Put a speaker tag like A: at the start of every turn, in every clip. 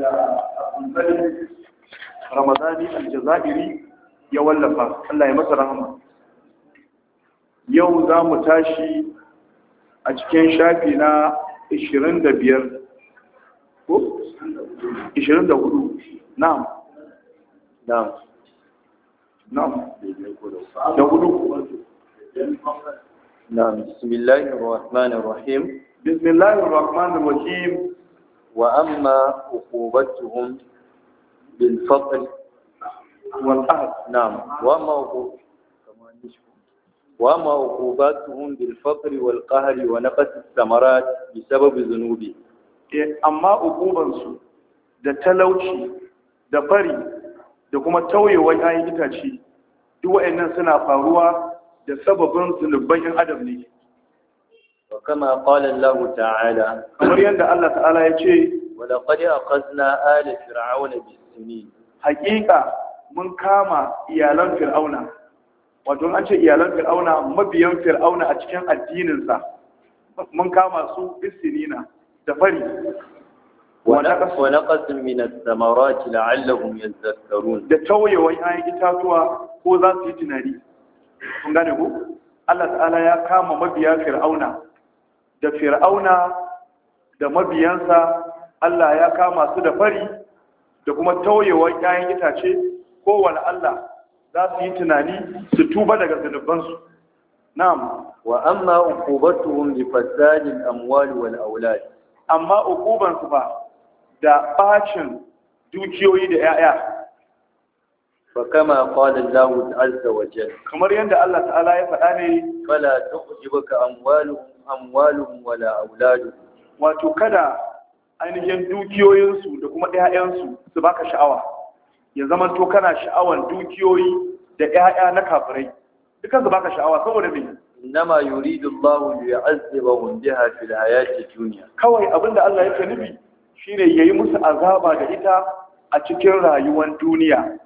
A: da abdulmalik ramadani aljazairi ya wallafa allah ya masa rahama yau za mu tashi a cikin shafi na 25 ko 24 na'am na'am na'am da hudu
B: na'am bismillahir rahmanir rahim bismillahir rahmanir rahim وأما عقوبتهم بالفقر والقهر نعم وما وما عقوباتهم بالفقر والقهر ونقص الثمرات بسبب ذنوبهم
A: amma uqubansu da talauci da fari da kuma tauyewar ayyukan itace duk waɗannan suna faruwa da sababin 'yan
B: adam ne وكما قال الله تعالى kamar yanda Allah ta'ala yace walaqad aqazna ala fir'auna bis-sinin haqiqa
A: mun kama iyalan fir'auna wato an ce iyalan fir'auna mabiyan fir'auna
B: a cikin addininsa. sa mun kama su bis da fari ونقص من الثمرات لعلهم يذكرون da tauyewan
A: ayan itatuwa
B: ko za su yi tunani kun gane ko Allah ta'ala ya
A: kama mabiya fir'auna da fir'auna da mabiyansa Allah ya kama su da fari da kuma tauyewar ƴaƴan itace
B: kowane Allah za su yi tunani su tuba daga zunubansu na'am wa amma uqubatuhum li fasadil amwali wal aulad amma uquban su ba da bacin dukiyoyi da ƴaƴa fa kama qala Allah azza wa kamar yanda Allah ta'ala ya faɗa ne fala tu'jibuka amwaluhum amwaluhum wala auladuhum wato kada
A: ainihin dukiyoyinsu da kuma ƴaƴansu su baka sha'awa ya zama to kana sha'awan dukiyoyi da ƴaƴa na kafirai dukan su baka sha'awa saboda me innama yuridu Allahu li yu'azzibahum biha fil hayati dunya kawai abinda Allah yake nufi shine yayi musu azaba da ita a cikin rayuwar duniya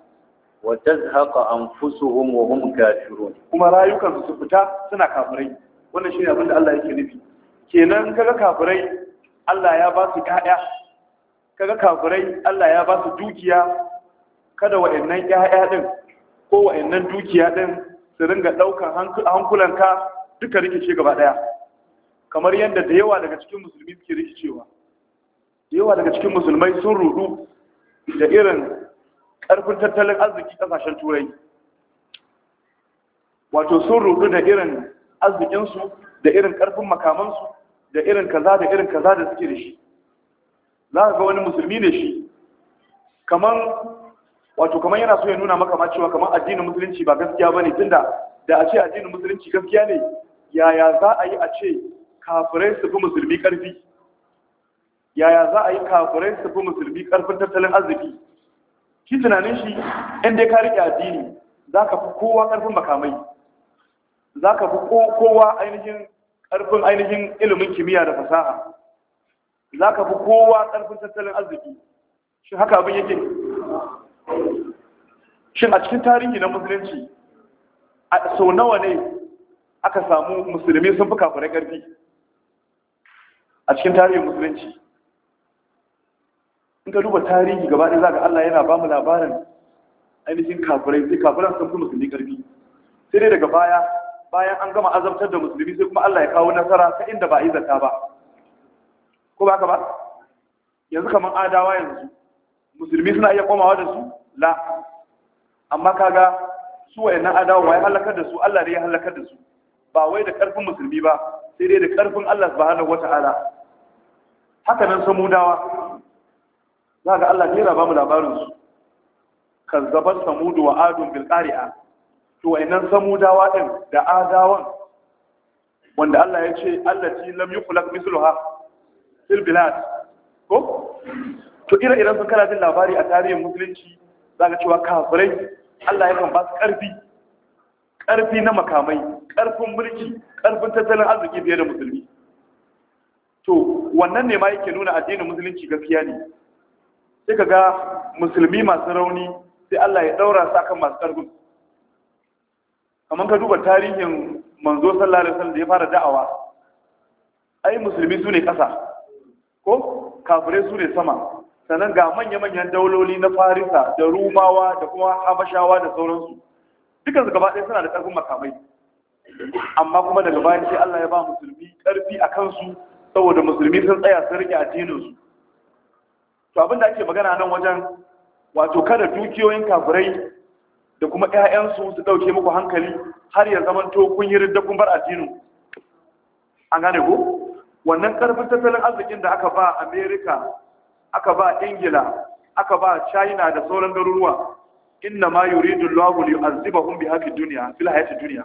A: wa tazhaqa anfusuhum wa hum kafirun kuma rayukansu su fita suna kafirai wannan shi ne abin da Allah yake nufi kenan kaga kafirai Allah ya ba su ƴaƴa kaga kafirai Allah ya ba su dukiya kada wa'annan ƴaƴa din ko wa'annan dukiya din su ringa daukan hankulanka duka rikice gaba daya kamar yadda da yawa daga cikin musulmi suke rikicewa da yawa daga cikin musulmai sun rudu da irin ƙarfin tattalin arziki ƙasashen turai wato sun rudu da irin arzikinsu da irin ƙarfin makamansu da irin kaza da irin kaza da suke da shi za ka ga wani musulmi ne shi kaman wato kaman yana so ya nuna maka ma cewa kaman addinin musulunci ba gaskiya bane tunda da a ce addinin musulunci gaskiya ne yaya za a yi a ce kafirai su fi musulmi ƙarfi yaya za a yi kafirai su fi musulmi ƙarfin tattalin arziki shi tunanin shi in dai ka riƙe addini za ka fi kowa ƙarfin makamai za ka fi kowa ainihin ƙarfin ainihin ilimin kimiyya da fasaha za ka fi kowa ƙarfin tattalin arziki shi haka abin yake shin a cikin tarihi na musulunci a sau nawa ne aka samu musulmi sun fi kafirai ƙarfi a cikin tarihin musulunci in ka duba tarihi gaba ɗaya za ka Allah yana ba mu labarin ainihin kafirai sai kafiran sun fi musulmi ƙarfi sai dai daga baya bayan an gama azabtar da musulmi sai kuma Allah ya kawo nasara ta inda ba izata yi zata ba ko ba ka ba yanzu kamar adawa yanzu musulmi suna iya komawa da su la amma kaga su wayannan adawa wai halakar da su Allah ne ya halakar da su ba wai da karfin musulmi ba sai dai da karfin Allah subhanahu wata'ala haka nan dawa. za ga Allah ne ya raba mu labarin su zaban samudu wa adun bil qari'a to wayannan samudawa din da adawan wanda Allah ya ce allati lam yukhlaq misluha fil bilad ko to ire iren sun kana jin labari a tarihin musulunci zaka cewa kafirai Allah yakan ba su karfi karfi na makamai karfin mulki ƙarfin tattalin arziki fiye da musulmi to wannan ne ma yake nuna addinin musulunci gaskiya ne sai ga musulmi masu rauni sai Allah ya daura su akan masu karfin kamar ka duba tarihin manzo sallallahu alaihi wasallam da ya fara da'awa ai musulmi su ne ƙasa ko kafire su ne sama sannan ga manya-manyan dauloli na farisa da rumawa da kuma habashawa da sauransu dukansu gaba ɗaya suna da ƙarfin makamai amma kuma daga bayan sai Allah ya ba musulmi ƙarfi a kansu saboda musulmi sun tsaya sun rike addininsu to abin da ake magana nan wajen wato kada dukiyoyin kafirai da kuma ƴaƴansu su ɗauke muku hankali har ya zamanto kun yi ridda kun bar addinin an gane ko wannan karfin tattalin arzikin da aka ba Amerika, aka ba ingila aka ba china da sauran garuruwa inna ma yuridu Allahu li yu'azzibahum bi hafi dunya fil hayati dunya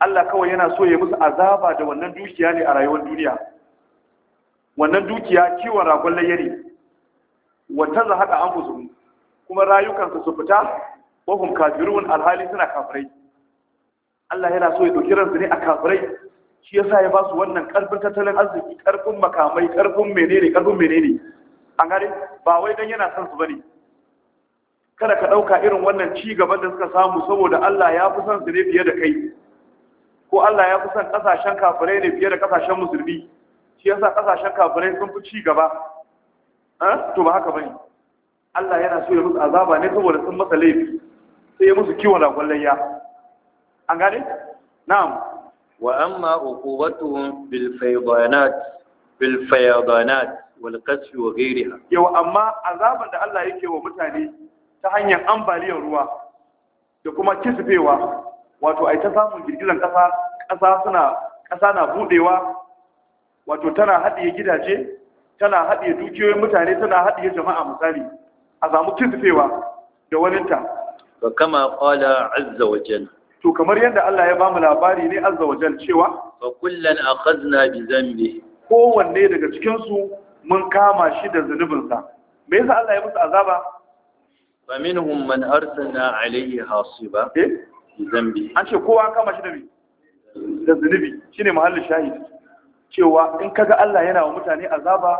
A: Allah kawai yana so ya musu azaba da wannan dukiya ne a rayuwar duniya wannan dukiya kiwon ragon layari haka an anfusuhum kuma rayukansu su fita wahum kafirun alhali suna kafirai Allah yana so ya dauki ransu ne a kafirai shi yasa ya ba su wannan karfin tattalin arziki karfin makamai karfin menene karfin menene an gare ba wai dan yana son su bane kada ka dauka irin wannan ci gaban da suka samu saboda Allah ya fi son su ne fiye da kai ko Allah ya fi son kasashen kafirai ne fiye da kasashen musulmi shi yasa kasashen kafirai sun fi ci gaba eh? to ba haka bane Allah yana so ya musu azaba ne saboda sun masa laifi sai ya musu kiwon ragon ya an gane na'am
B: wa amma uqubatuhum bil faydanat bil faydanat wal yau amma
A: azaban da Allah yake wa mutane ta hanyar ambaliyar ruwa da kuma kisfewa wato ai ta samun girgizan kasa kasa suna kasa na budewa wato tana haɗiye gidaje tana haɗiye dukiyoyin mutane tana haɗiye jama'a misali a samu kisfewa da waninta
B: fa kama qala azza wa jalla
A: to kamar yadda Allah ya bamu labari ne azza wa jalla cewa
B: fa kullan akhadna bi
A: ko kowanne daga cikin su mun kama shi da zunubinsa me yasa Allah ya musu azaba fa minhum man arsalna
B: alayhi hasiba eh? bi zambi
A: an ce kowa kama shi da bi da zunubi shine mahallin shahidi cewa in kaga Allah yana wa mutane azaba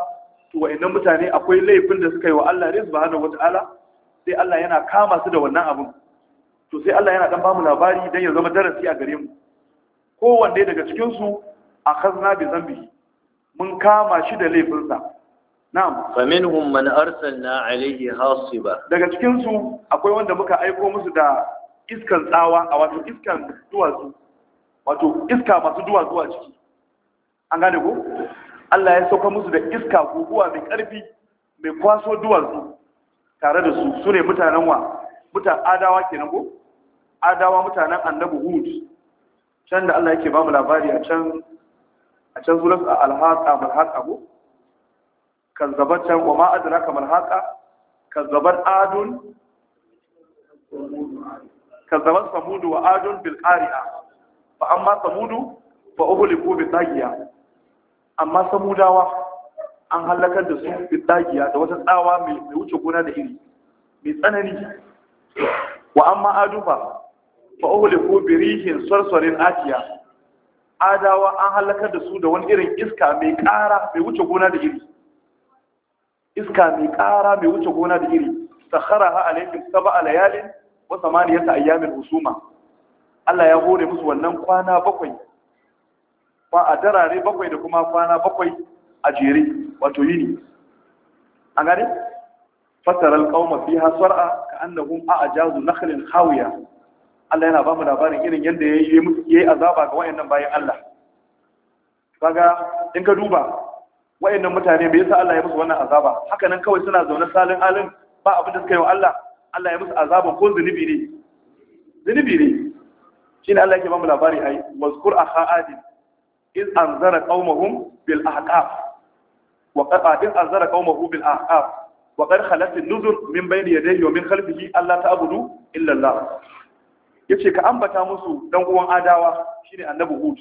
A: to wa'annan mutane akwai laifin da suka yi wa Allah ne wata Ala? sai Allah yana kama su da wannan abin to sai Allah yana dan bamu labari dan ya zama darasi a gare mu kowanne daga cikin su akhazna bi zambi mun kama shi da laifinsa
B: na'am minhum man arsalna alayhi hasiba daga cikin su akwai wanda muka aiko
A: musu da iskan tsawa a wato iskan duwatsu wato iska masu duwatsu a ciki an gane ko Allah ya sauka musu da iska guguwa mai karfi mai kwaso duwatsu tare da su su ne mutanen wa mutan adawa ke nan ko adawa mutanen annabi hud can da Allah yake ba mu labari a can a can surat al-haqa bal haqa ko kazzabat can wa ma adraka mal haqa kazzabat adun kazzabat samudu wa adun bil qari'a fa amma samudu fa uhliku bi taghiya amma samudawa an halakar da su bidagiya da wata tsawa mai wuce gona da iri mai tsanani wa amma adufa fa uhliku bi rihin sarsarin atiya adawa an halakar da su da wani irin iska mai ƙara mai wuce gona da iri iska mai ƙara mai wuce gona da iri sakharaha alaihim sab'a layalin wa samaniyata ayyamin husuma Allah ya hore musu wannan kwana bakwai ba a darare bakwai da kuma kwana bakwai a jere wato yini a gane fataral qauma fiha sar'a ka annahum a'jazu nakhlin khawiya Allah yana ba mu labarin irin yadda ya yi azaba ga wayannan bayan Allah kaga in ka duba wayannan mutane bai yasa Allah ya musu wannan azaba haka nan kawai suna zaune salin alin ba abin da suka yi wa Allah Allah ya musu azaba ko zunubi ne zunubi ne shine Allah yake ba mu labari ai wazkur akha adin iz anzara qaumahum bil ahqaf wa qad anzara qaumahu bil ahqaf wa qad khalat an-nuzur min bayni yadayhi wa min khalfihi alla ta'budu yace ka ambata musu dan uwan adawa shine annabi hud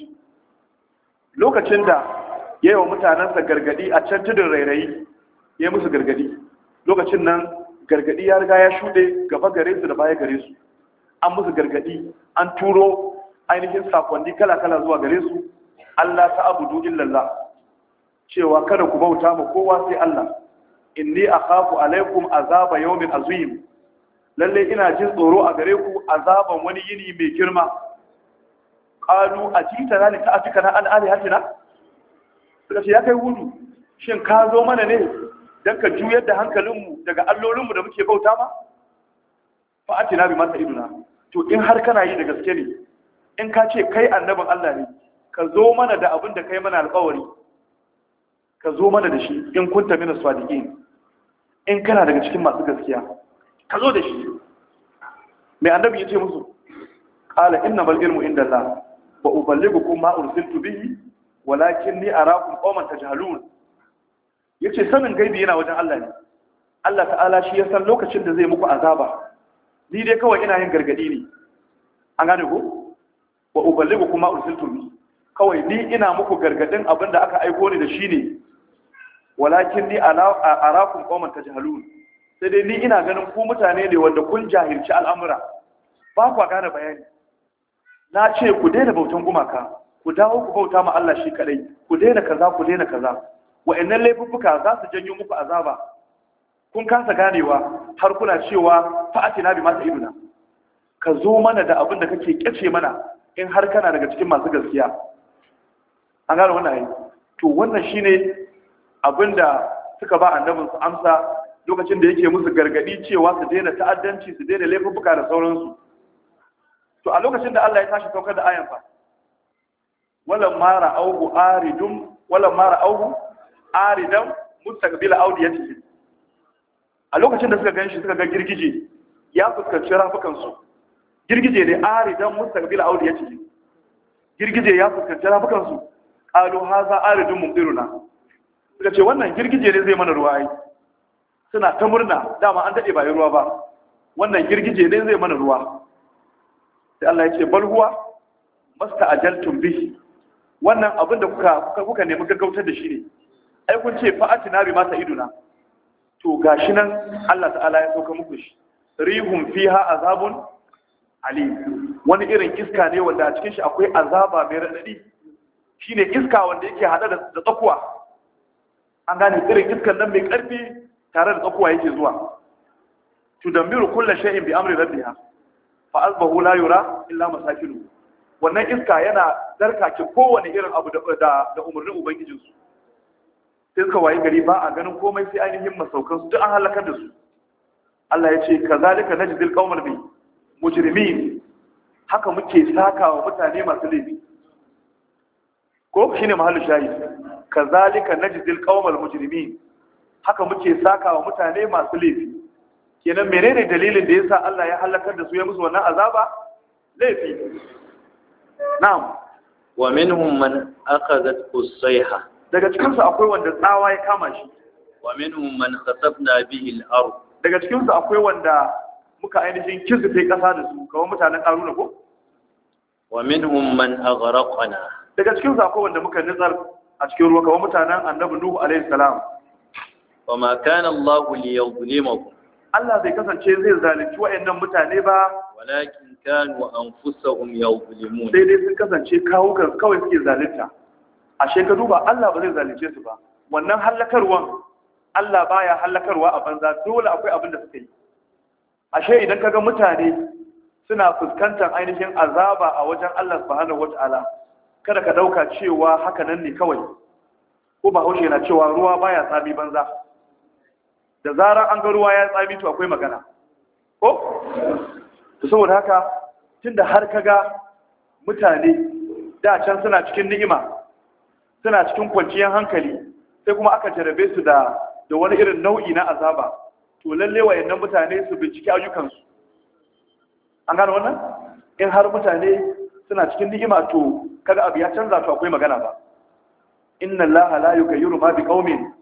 A: lokacin da yayi wa mutanansa gargadi a can tudun rairayi yayi musu gargadi lokacin nan gargadi ya riga ya shude gaba gare su da baya gare su an musu gargadi an turo ainihin sakonni kala-kala zuwa gare su Allah ta'budu illa Allah cewa kada ku bauta ma kowa sai Allah inni akhafu alaikum azaba yawmin azim lalle ina jin tsoro a gare ku azaban wani yini mai girma qalu ajita lani ta'atika na an hatina suka ce ya kai wudu shin ka zo mana ne dan ka juyar da hankalinmu daga allolinmu da muke bauta ma fa atina bi masa to in har kana yi da gaske ne in ka ce kai annabin Allah ne ka zo mana da abin da kai mana alƙawari ka zo mana da shi in kunta mina swadiqin in kana daga cikin masu gaskiya ka zo da shi mai annabi ya ce musu qala bal ilmu indallah wa uballighukum ma ursiltu bihi walakin ni arakum qauman tajhalun yace sanin gaibi yana wajen Allah ne Allah ta'ala shi ya san lokacin da zai muku azaba ni dai kawai ina yin gargadi ne an gane ko wa uballighukum ma ursiltu bihi kawai ni ina muku gargadin abinda aka aiko ni da shi ne walakin ni arakum qauman tajhalun sai dai ni ina ganin ku mutane ne wanda kun jahilci al'amura ba ku gane bayani na ce ku daina bautan gumaka ku dawo ku bauta ma Allah shi kadai ku daina kaza ku daina kaza wa'annan laifuffuka za su janyo muku azaba kun kasa ganewa har kuna cewa fa'atina bi ido na. ka zo mana da abin da kake kyace mana in har kana daga cikin masu gaskiya an gane wannan to wannan shine abinda suka ba annabin su amsa lokacin da yake musu gargadi cewa su daina ta'addanci su daina laifuka da sauransu to a lokacin da Allah ya tashi saukar da ayan fa walam mara auhu aridum walam mara auhu aridan mustaqbila awdiyatihim a lokacin da suka ganshi suka ga girgije ya fuskanci rafukan su girgije ne aridan mustaqbila awdiyatihim girgije ya fuskanci rafukan su qalu hadha aridum mumdiruna suka ce wannan girgije ne zai mana ruwa ai suna ta murna dama an dade ba ruwa ba wannan girgije ne zai mana ruwa sai Allah ya ce bal huwa masta'ajaltum bihi wannan abin da kuka kuka nemi gaggautar da shi ne ai kun ce fa atina bi mata iduna to gashi nan Allah ta'ala ya sauka muku shi rihum fiha azabun Ali. wani irin iska ne wanda a cikin shi akwai azaba mai radadi shine iska wanda yake hada da tsakuwa an gane irin iskan nan mai ƙarfi tare da tsakuwa yake zuwa tudammiru kullu shay'in bi amri rabbiha fa azbahu la yura illa masakinu wannan iska yana ki kowane irin abu da da umarnin ubangijin su sai suka waye gari ba a ganin komai sai ainihin masaukan su duk an halakar da su Allah ya ce kazalika najzil qawmal bi mujrimin haka muke saka wa mutane masu laifi ko shine mahallu shayi. kazalika najzil qaumal mujrimin haka muke sakawa mutane masu laifi kenan menene dalilin da yasa Allah ya halakar da su ya musu wannan azaba laifi na'am
B: wa minhum man akhadhat usayha
A: daga cikin su akwai wanda tsawa ya kama shi
B: wa minhum man khasafna bihi al-ard
A: daga cikin su akwai wanda muka ainihin kizufe kasa da su kawai mutanen karuna ko
B: wa minhum man aghraqna
A: daga cikin su akwai wanda muka nazar a cikin ruwa kawai mutanen annabi nuhu alaihi salam
B: wa ma kana Allah li yuzlimakum
A: Allah bai kasance zai zalunci wayannan mutane ba
B: walakin kanu anfusahum
A: mu. sai dai sun kasance kawo kawai suke zalunta A shekaru ba Allah ba zai zalunce su ba wannan halakarwan Allah baya halakarwa a banza dole akwai abin da suka yi ashe idan kaga mutane suna fuskantar ainihin azaba a wajen Allah subhanahu ta'ala. kada ka dauka cewa haka nan ne kawai ko ba haushe na cewa ruwa baya tsami banza da zarar an ga ruwa ya tsami to akwai magana ko to saboda haka tunda har kaga mutane da can suna cikin ni'ima suna cikin kwanciyar hankali sai kuma aka jarabe su da da wani irin nau'i na azaba to lalle wayannan mutane su binciki ayyukansu an gane wannan in har mutane suna cikin ni'ima to kada abu ya canza to akwai magana ba inna allaha la yughayyiru ma biqaumin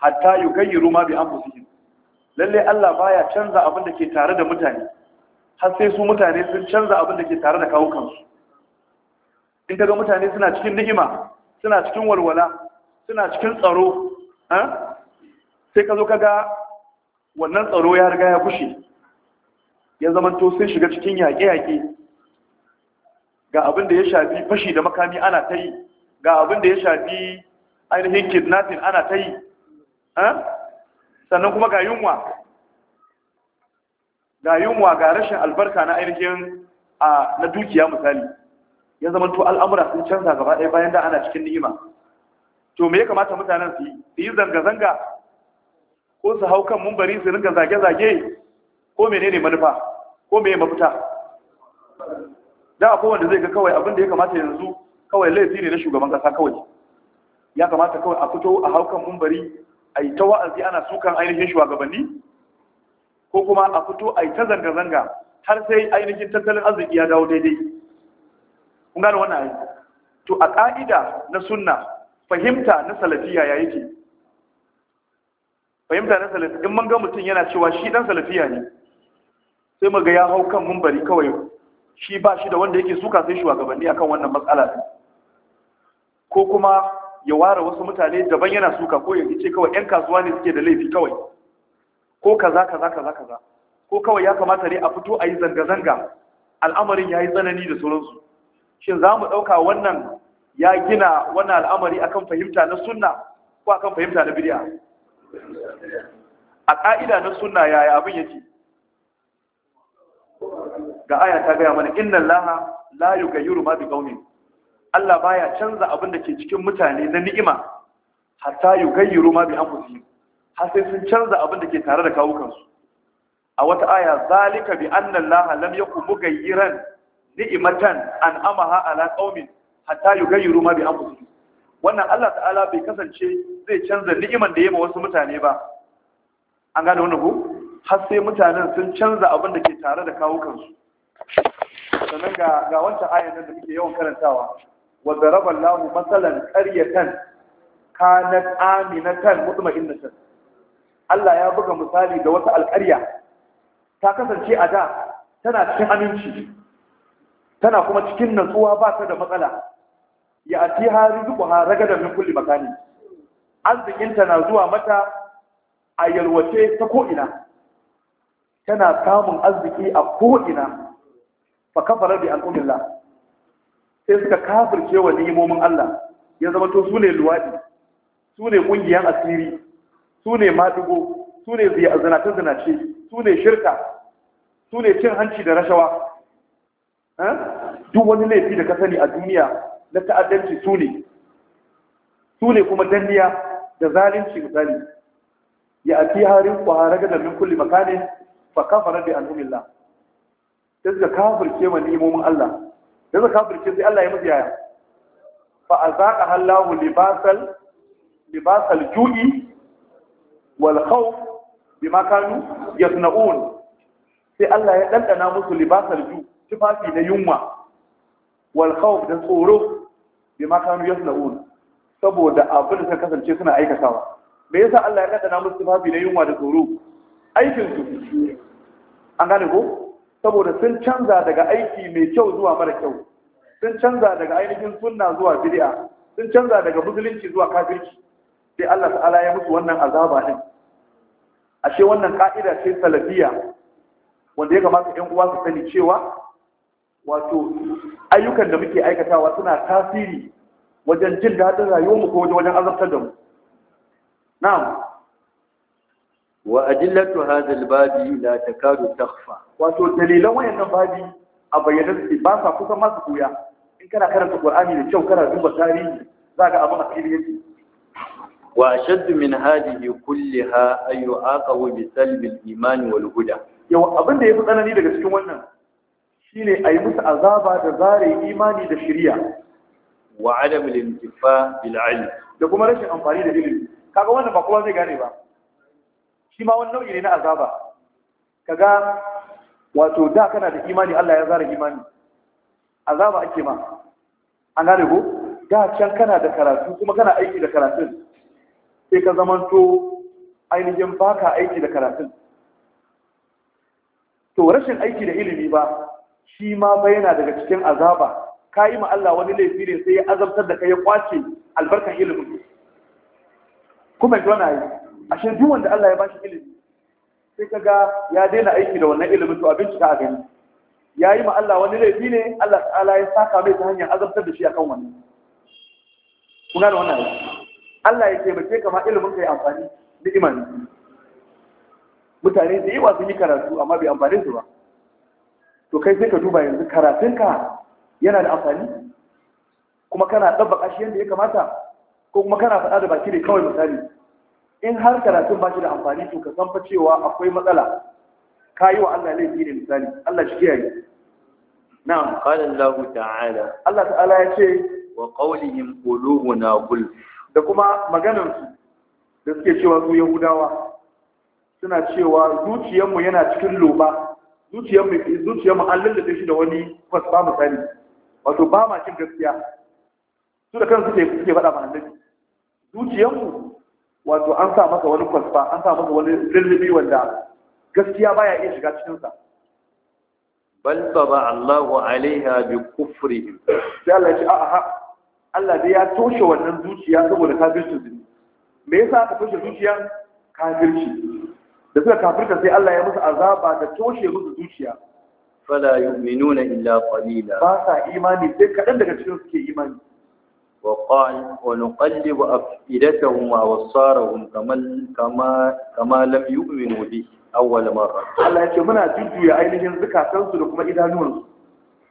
A: hatta yughayyiru ma bi anfusihim lalle Allah baya canza abin da ke tare da mutane har sai su mutane sun canza abin da ke tare da kawo kansu in kaga mutane suna cikin ni'ima suna cikin walwala suna cikin tsaro sai ka zo kaga wannan tsaro ya riga ya kushe ya zamanto sun shiga cikin yaƙe-yaƙe ga abin da ya shafi fashi da makami ana ta yi ga abin da ya shafi ainihin kidnapping ana ta yi sannan kuma ga yunwa ga yunwa ga rashin albarka na ainihin a na dukiya misali ya zama to al'amura sun canza gaba ɗaya bayan da ana cikin ni'ima to me ya kamata mutanen su yi zanga-zanga ko su hau kan mumbari su rinka zage-zage ko menene manufa ko me mafita da akwai wanda zai ga kawai abin da ya kamata yanzu kawai laifi ne na shugaban kasa kawai ya kamata kawai a fito a haukan mumbari a yi ta wa'azi ana sukan ainihin shugabanni ko kuma a fito a yi ta zanga-zanga har sai ainihin tattalin arziki ya dawo daidai kun gane wannan ayi to a ƙa'ida na sunna fahimta na salafiya ya yake fahimta na salafiya in man ga mutum yana cewa shi dan salafiya ne sai mu ga ya hau kan mumbari kawai shi ba shi da wanda yake suka sai shugabanni akan wannan matsala ko kuma ya ware wasu mutane daban yana suka ko ya ce kawai yan kasuwa ne suke da laifi kawai ko kaza kaza kaza kaza ko kawai ya kamata ne a fito a yi zanga-zanga al'amarin ya yi tsanani da sauransu shin za mu ɗauka wannan ya gina wannan al'amari akan fahimta na sunna ko akan fahimta na bidiya a ƙa'ida na sunna yaya abin yake ga aya ta gaya mana inna laha la yughayyiru ma qaumin Allah baya canza abin da ke cikin mutane na ni'ima hatta yughayyiru ma bi anfusihim har sai sun canza abin da ke tare da kawukansu a wata aya zalika bi anna laha lam yakum mughayyiran ni'imatan an amaha ala qaumin hatta yughayyiru ma bi anfusihim wannan Allah ta'ala bai kasance zai canza ni'iman da yayi ma wasu mutane ba an gane wannan ko har sai mutanen sun canza abin da ke tare da kawukansu sannan ga ga wancan ayan da muke yawan karantawa wa daraba Allahu masalan qaryatan kanat aminatan mutma'innatan Allah ya buga misali da wata alƙarya ta kasance a da tana cikin aminci tana kuma cikin natsuwa ba ta da matsala ya ati hari zuku ha ragada min kulli makani arzikinta na zuwa mata a yalwace ta ko'ina tana samun arziki a ko'ina fa bi al'umillah sai suka kafirce wa ni'imomin Allah ya zama to su ne luwaɗi, su ne ƙungiyan asiri su ne maɗigo, su ne zinace zinace su ne shirka su ne cin hanci da rashawa duk wani laifi da ka sani a duniya na ta'addanci su ne su ne kuma danniya da zalunci misali ya fi harin kwahara ga min kulli makanin fa kafara bi al'umillah sai suka kafirce ma ni'imomin Allah sai suka kafirce sai Allah ya musu yaya fa azaqa Allahu libasal libasal ju'i wal khawf bima kanu yasna'un sai Allah ya dandana musu libasal ju tufafi na yunwa wal khawf da tsoro bima kanu yasna'un saboda abin da suka kasance suna aikatawa me yasa Allah ya dandana musu tufafi na yunwa da tsoro aikin su an gane ko saboda sun canza daga aiki mai kyau zuwa mara kyau sun canza daga ainihin sunna zuwa bid'a sun canza daga musulunci zuwa kafirci sai Allah ta'ala ya musu wannan azaba din ashe wannan ka'ida ce salafiya wanda ya kamata ɗan uwa su sani cewa wato ayyukan da muke aikatawa suna tasiri wajen jin daɗin rayuwarmu ko wajen azabtar da mu
B: na'am wa adillatu hadha albabi la takadu takhfa wato dalilan wayannan
A: babi a bayyane su ba sa kusa masu koya in kana karanta qur'ani da kyau kana duba tarihi
B: zaka abin a fili yake wa ashaddu min hadhihi kulliha ay yu'aqabu bi salbi al-iman wal huda yau abin da yafi tsanani daga cikin wannan
A: shine ayi musu azaba da zare imani da shari'a wa adam al-intifa bil ilm da kuma rashin amfani da ilimi kaga wannan ba kowa zai gane ba shi ma wani nau'i ne na azaba kaga wato da kana da imani Allah ya zara imani azaba ake ma an gane ko da can kana da karatu kuma kana aiki da karatun sai ka zamanto ainihin baka aiki da karatun to rashin aiki da ilimi ba shi ma ba yana daga cikin azaba ka yi ma Allah wani laifi ne sai ya azabtar da kai ya kwace albarkan ilimin kuma ji wani ashe duk wanda Allah ya ba shi ilimi sai ka ga ya daina aiki da wannan ilimin to abin cika a gani yayi ma Allah wani laifi ne Allah ta'ala ya saka mai ta hanyar azabtar da shi a kan wani. kuna da wannan Allah ya taimake ka ilimin ka yi amfani da imani mutane da yawa sun yi karatu amma bai amfani su ba to kai sai ka duba yanzu karatunka yana da amfani kuma kana ɗabba ƙashi yadda ya kamata ko kuma kana faɗa da baki ne kawai misali in har karatun ba shi da amfani to ka san fa cewa akwai matsala ka yi wa Allah laifi ne misali Allah shi kiyaye
B: na'am qala Allah ta'ala Allah ta'ala ya ce wa qawlihim qulubuna qul
A: da kuma maganar su da suke cewa su yahudawa suna cewa zuciyar mu yana cikin loba zuciyar zuciyar mu an lallace shi da wani kwas ba misali, wato ba ma cikin gaskiya su da kansu suke faɗa ma annabi mu. wato an sa masa wani kwasfa an sa masa wani lullubi wanda gaskiya baya iya shiga cikin sa
B: bal taba Allahu alaiha bi kufrihim
A: sai Allah ya ce a'a Allah dai ya toshe wannan zuciya saboda kafircin su me yasa aka toshe zuciya kafirci da suka kafirta sai Allah ya musu azaba da toshe musu zuciya
B: fala yu'minuna illa qalila ba sa imani sai kadan daga cikin suke imani وقال ونقلب أفئدتهم وأبصارهم كما كما كما لم يؤمنوا به أول مرة. Allah yake muna jujjuya ainihin zukatansu da kuma
A: idanuwansu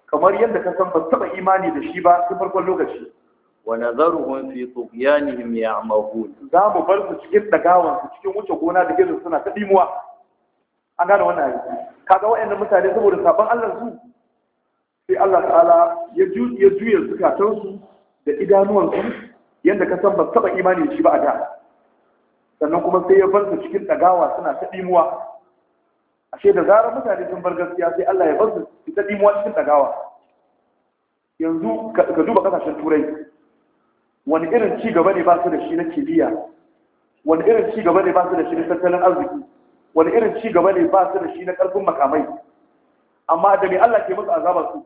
A: kamar yadda ka san ba taba imani da shi ba tun farkon lokaci. Wa nazaruhum fi tughyanihim ya'mahun. Za mu bar su cikin dagawan cikin wuce gona da gidan suna ta dimuwa. An gane wannan Kaga waɗannan mutane saboda sabon Allah su sai Allah ta'ala ya juya zukatansu da idanuwansu yadda ka san ba taɓa imanin shi ba a da sannan kuma sai ya bar su cikin ɗagawa suna ta a ashe da zarar mutane sun bar gaskiya sai Allah ya bar su su ta dimuwa cikin ɗagawa yanzu ka duba ƙasashen turai wani irin ci gaba ne ba su da shi na kibiya wani irin ci gaba ne ba su da shi na tattalin arziki wani irin ci gaba ne ba su da shi na karfin makamai amma da mai Allah ke musu azabar su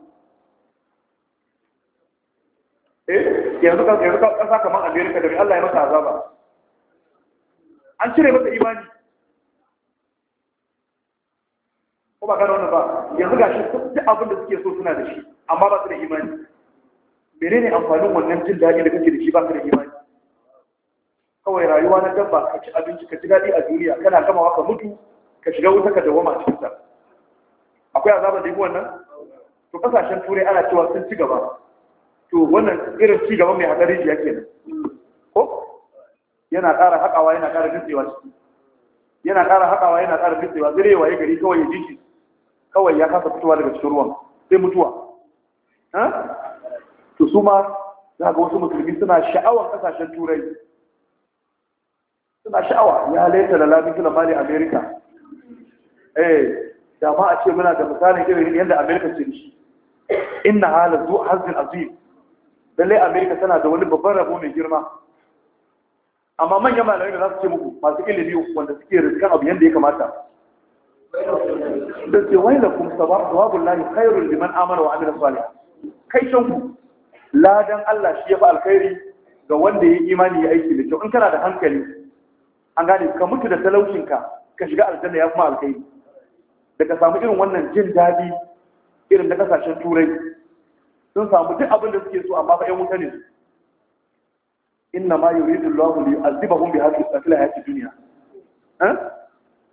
A: eh yanzu ƙasa yanzu kan kasa kamar America da Allah ya masa azaba an cire masa imani ko ba gano wannan ba yanzu gashi duk abin da suke so suna da shi amma ba su da imani menene amfanin wannan jin daɗi da kake da shi ba su da imani kawai rayuwa na dabba ka ci abinci ka ji daɗi a duniya kana gamawa ka mutu ka shiga wuta ka dawoma cikin ta akwai azaban da yi wannan to kasashen turai ana cewa sun ci gaba to wannan irin ci gaba mai hadari shi yake ko yana ƙara haƙawa yana ƙara dutsewa ciki yana ƙara haƙawa yana ƙara dutsewa zirewa ya gari kawai ya ji shi kawai ya kasa fitowa daga cikin ruwan sai mutuwa to su ma za ga wasu musulmi suna sha'awar ƙasashen turai suna sha'awa ya halaita da lamin mali amerika eh da ma a ce muna da misalin irin yadda amerika ce da shi inna hala zuwa hazin azim lallai amerika tana da wani babban rabo mai girma amma manyan malamai da za su ce muku masu ilimi wanda suke riskan abu yadda ya kamata da ce wani da kuma sababun lahi khairun liman wa amina salih kai shanku. ladan Allah shi ya fi alkhairi ga wanda ya imani ya aiki da kyau in kana da hankali an gane ka mutu da talaucinka ka shiga aljanna ya kuma alkhairi da ka samu irin wannan jin daɗi irin na kasashen turai sun samu duk abin da suke so amma ba yan wuta ne inna ma yuridu Allahu li yu'adhibahum bi hadhihi al-sakila hayati dunya eh?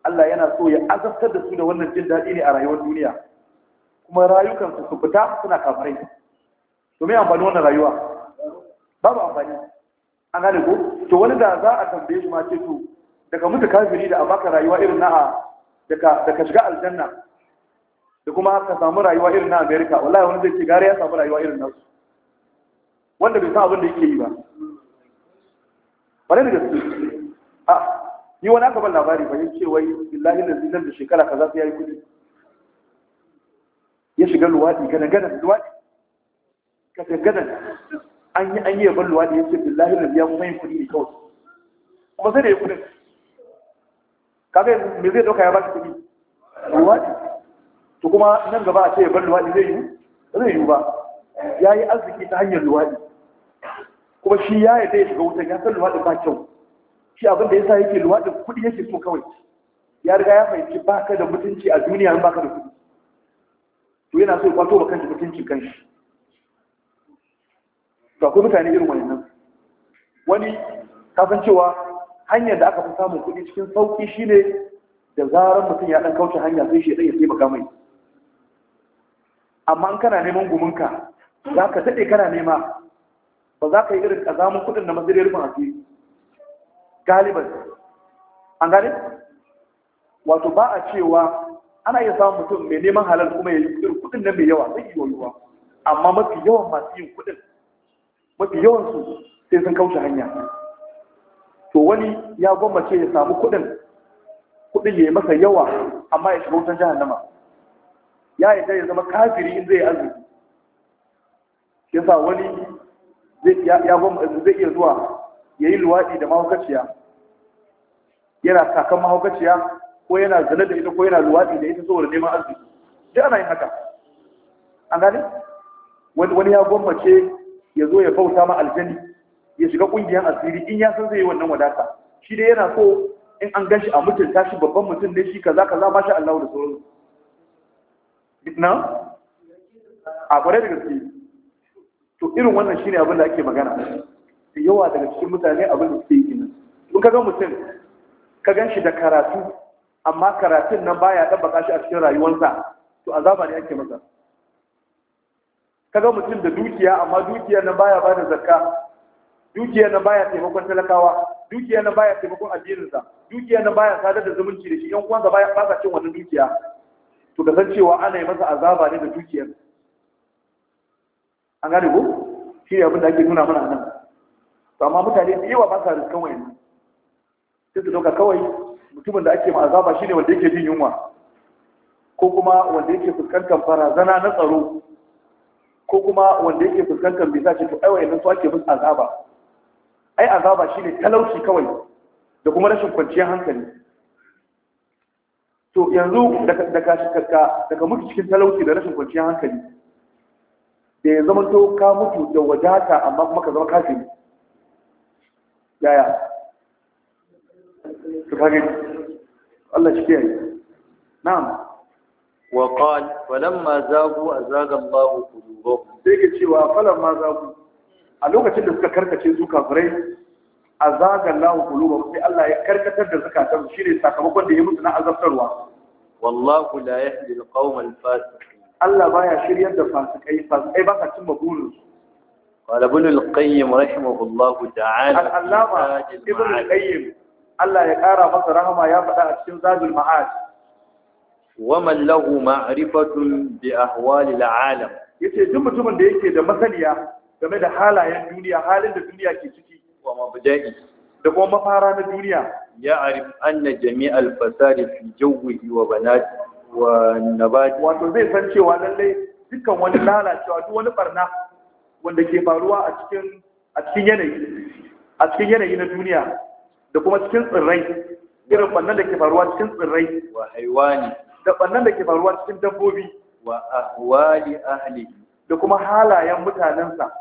A: Allah yana so ya azabtar da su da wannan jin daɗi ne a rayuwar duniya kuma rayukansu su fita suna kafirai to me amfani wannan rayuwa babu amfani an gane ko to wani da za a tambaye shi ma ce to daga mutu kafiri da a baka rayuwa irin na'a daga daga shiga aljanna da kuma ka samu rayuwa irin na amerika wallahi wani zai ce gare ya samu rayuwa irin nasu wanda bai san abin da yake yi ba bare da gaske a ni wani aka ban labari ba ce wai billahi lazi nan da shekara kaza sai yayi kudi ya shiga luwadi gana gana luwadi ka ta gana an yi an yi ban luwadi yace billahi lazi ya kuma yin kudi ne kawai kuma sai da ya kudin kaga me zai doka ya baki kudi luwadi to kuma nan gaba a ce ya bar luwaɗi zai yi zai yi ba ya yi arziki ta hanyar luwaɗi kuma shi ya yi zai shiga wutan ya san luwaɗi ba kyau shi abin da ya sa yake luwaɗin kuɗi yake so kawai ya riga ya fahimci ba ka da mutunci a duniya in ba ka da kuɗi to yana so ya kwato ba kanshi mutunci kanshi to akwai mutane irin wannan wani kafin cewa hanyar da aka fi samun kuɗi cikin sauƙi shine da zarar mutum ya ɗan kauce hanya sai shi ya taimaka mai amma kana neman guminka za ka daɗe kana nema ba za ka yi irin ƙazamin kudin na mazirin rufin asiri an gane wato ba a cewa ana iya samun mutum mai neman halar kuma ya yi kudin kudin nan mai yawa zai yi yiwuwa amma mafi yawan masu yin kudin mafi yawan su sai sun kauce hanya to wani ya gwammace ya samu kudin kudin ya yi masa yawa amma ya shiga wutan Nama. ya ta ya zama kafiri in zai azumi sa wani zai iya zuwa ya yi luwaɗi da mahaukaciya yana kakan mahaukaciya ko yana zane da ita ko yana luwaɗi da ita saboda neman arziki duk ana yin haka an gane wani ya gwammace ya zo ya bauta ma aljani ya shiga ƙungiyar asiri in ya san zai yi wannan wadata shi dai yana so in an gan shi a mutunta shi babban mutum ne shi kaza kaza ba shi Allah da sauransu na a kware da gaske to irin wannan shine abin da ake magana da yawa daga cikin mutane abin da suke yi kenan in ka ga mutum ka gan shi da karatu amma karatun nan baya ɗabbaka shi a cikin rayuwarsa to azaba ne ake masa ka ga mutum da dukiya amma dukiyar nan baya bada zakka dukiyar nan baya taimakon talakawa dukiyar nan baya taimakon addininsa dukiyar nan baya sadar da zumunci da shi yan uwansa baya ba cin wannan dukiya to cewa ana yi masa azaba ne da dukiyar an gane ko shi ne abin da ake nuna mana nan to amma mutane da yawa ba sa riskan wayan sai su dauka kawai mutumin da ake ma azaba shine wanda yake jin yunwa ko kuma wanda yake fuskantar barazana na tsaro ko kuma wanda yake fuskantar bisa ce to aiwa yanzu su ake musu azaba ai azaba shine talauci kawai da kuma rashin kwanciyar hankali to yanzu daga mutu cikin talauci da rashin kwanciyar hankali da ya zama to ka mutu da wadata amma kuma ka zama kafin
B: yaya su fage Allah shi kiyaye na'am wa qal falamma zagu azaga Allahu qulubahum sai ke cewa falamma zagu a lokacin da suka karkace
A: su kafirai A azaga Allahu qulubahum sai Allah ya karkatar da zakatan su shine sakamakon da ya mutu na azabtarwa
B: wallahu la yahdi alqawm alfasiqin Allah baya
A: shiryar da kai fasikai kai ba sa cimma burin su qala ibn alqayyim
B: rahimahullahu ta'ala
A: al-allama ibn alqayyim Allah ya kara masa rahama ya faɗa a
B: cikin zadul ma'ad waman lahu ma'rifatun bi ahwalil alam
A: yace duk mutumin da yake da masaniya game da halayen duniya halin da duniya
B: ke ciki wa mabda'i da kuma mafara na duniya ya arif anna jami'al fasadi fi jawwihi wa banati wa nabati wato zai san cewa lallai
A: dukkan wani lalacewa duk wani barna wanda ke faruwa a cikin a cikin yanayi a cikin yanayi na duniya da kuma cikin tsirrai irin bannan da ke faruwa
B: cikin tsirrai wa haiwani da bannan da ke faruwa cikin dabbobi wa ahwali ahli da kuma halayen mutanensa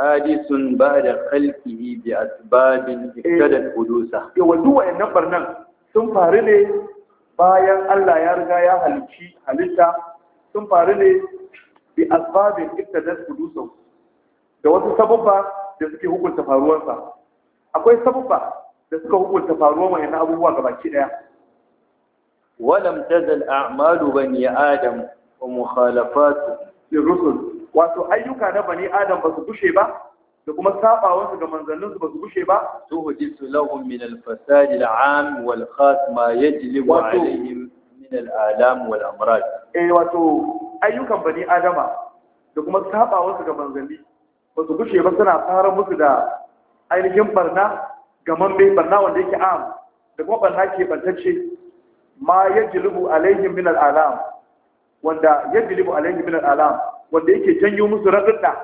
B: حادث بعد خلقه بأسباب اقتدت حدوثه يا ودوا إن نمبر نم sun faru
A: ne bayan Allah ya riga ya halicci halitta sun faru ne bi asbabin iqtadat hudusun da wasu sababba da suke hukunta faruwarsa akwai sababba da suka hukunta faruwar wayannan abubuwa gabaki daya walam
B: tazal a'malu
A: bani adam
B: wa mukhalafatu
A: lirrusul wato ayyuka na bani adam ba su gushe ba da kuma sabawansu ga
B: manzanninsu ba su gushe ba tuhdisu lahum min al-fasad al-am wal khas ma yajlibu alaihim min al-alam wal amrad eh wato ayyukan bani
A: adama da kuma sabawansu ga manzanni ba su gushe ba suna fara musu da ainihin barna gaman bai barna wanda yake am da kuma barna ke bantacce ma yajlibu alaihim min al-alam wanda yajlibu alaihim min al-alam wanda yake janyo musu raɗaɗa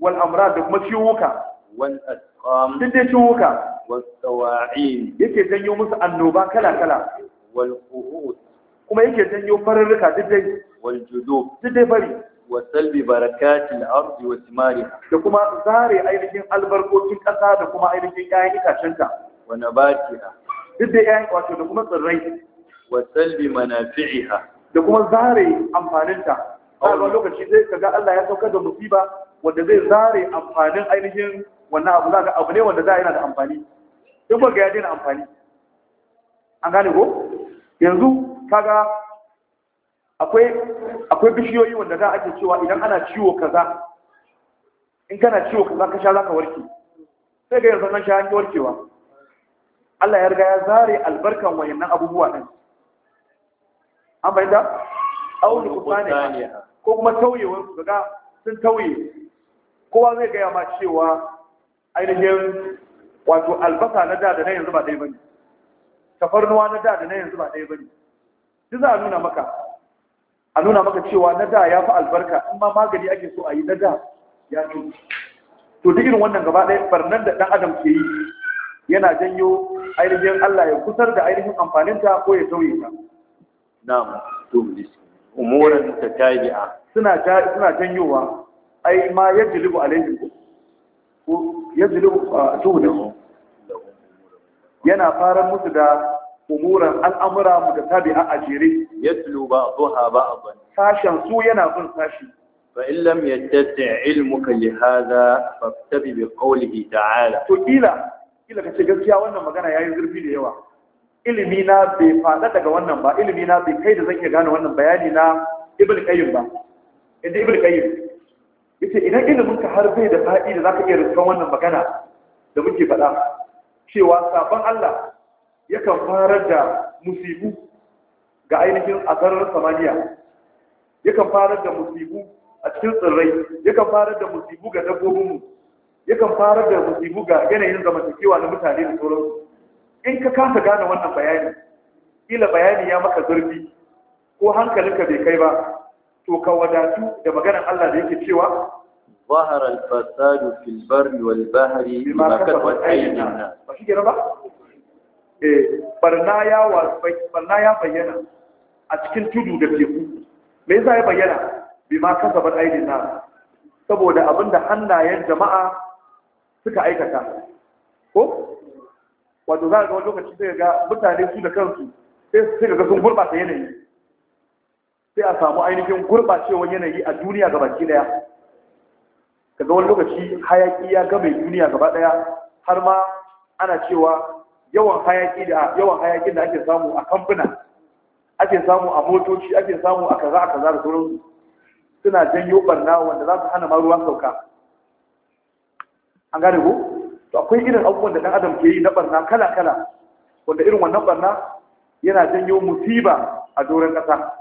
A: wal amra da kuma ciwuka wal asqam duk dai ciwuka was sawa'in yake janyo musu annoba kala kala wal qu'ud kuma yake janyo fararruka duk dai wal judub duk dai fari wa salbi barakatil ardi wa thimariha da kuma zare ainihin albarkocin kasa da kuma ainihin ƴaƴan itacenta wa nabatiha duk da ƴaƴan wato da kuma tsirrai
B: wa salbi manafi'iha
A: da kuma zare amfaninta ba lokaci zai kaga Allah ya saukar da musiba wanda zai zare amfanin ainihin wannan abu za ka abu ne wanda za yana da amfani in ba ga ya daina amfani an gane ko yanzu kaga akwai akwai bishiyoyi wanda za ake cewa idan ana ciwo kaza in kana ciwo kaza ka sha zaka warke sai ga yanzu nan sha an warkewa Allah ya riga ya zare albarkan wayannan abubuwa din an bayyana
B: auli kusani
A: ko kuma tauyewar su ga sun tauye kowa zai gaya ma cewa ainihin wato albasa na da da na yanzu ba ɗaya bane tafarnuwa na da da na yanzu ba ɗaya bane duk za a nuna maka a nuna maka cewa na da ya fi albarka in ma magani ake so a yi na da ya fi to duk irin wannan gaba ɗaya barnan da ɗan adam ke yi yana janyo ainihin Allah ya kusar da ainihin amfaninta ko ya tauye ta
B: na'am to mu
A: umuran mutatabi'a suna ta suna tanyowa ai ma yajlibu alaihim ko yajlibu ah, tuhdahu yana fara musu da umuran
B: al'amura mu mutatabi'a a jere yatlu ba'daha ba'dan
A: sashen su yana bin sashi in ilmuka
B: فإن لم يتسع علمك لهذا فاكتب بقوله تعالى
A: تقيلا kila kace gaskiya wannan magana yayin zurfi da yawa ilimi na bai fada daga wannan ba ilimi na bai kai da zan iya gane wannan bayani na ibn qayyim ba inda ibn qayyim yace idan ilimin ka har bai da fadi da zaka iya rubuta wannan magana da muke faɗa cewa sabon Allah yakan fara da musibu ga ainihin azarar samaniya yakan fara da musibu a cikin tsirrai yakan fara da musibu ga dabbobinmu yakan fara da musibu ga yanayin zamantakewa na mutane da sauransu in ka kasa gane wannan bayani kila bayani ya maka zurfi ko hankalinka bai kai ba to ka wadatu da maganar Allah da yake cewa
B: ظهر الفساد في البر والبحر بما كسبت أيدي الناس
A: ماشي كده بقى eh barna ya wa barna ya bayyana a cikin tudu da teku me yasa ya bayyana bima kasabat aidina saboda abinda hannayen jama'a suka aikata ko wato za a ga wani lokaci sai ga mutane su da kansu sai su ga sun gurɓata yanayi sai a samu ainihin gurɓacewar yanayi a duniya ga baki ɗaya daga wani lokaci hayaki ya game duniya gaba ɗaya har ma ana cewa yawan hayaki da yawan hayakin da ake samu a kamfuna ake samu a motoci ake samu a kaza a kaza da sauransu suna janyo barna wanda za su hana ma ruwa sauka an gane ko to akwai irin abubuwan da dan adam ke yi na barna kala kala wanda irin wannan barna yana janyo musiba a doron kasa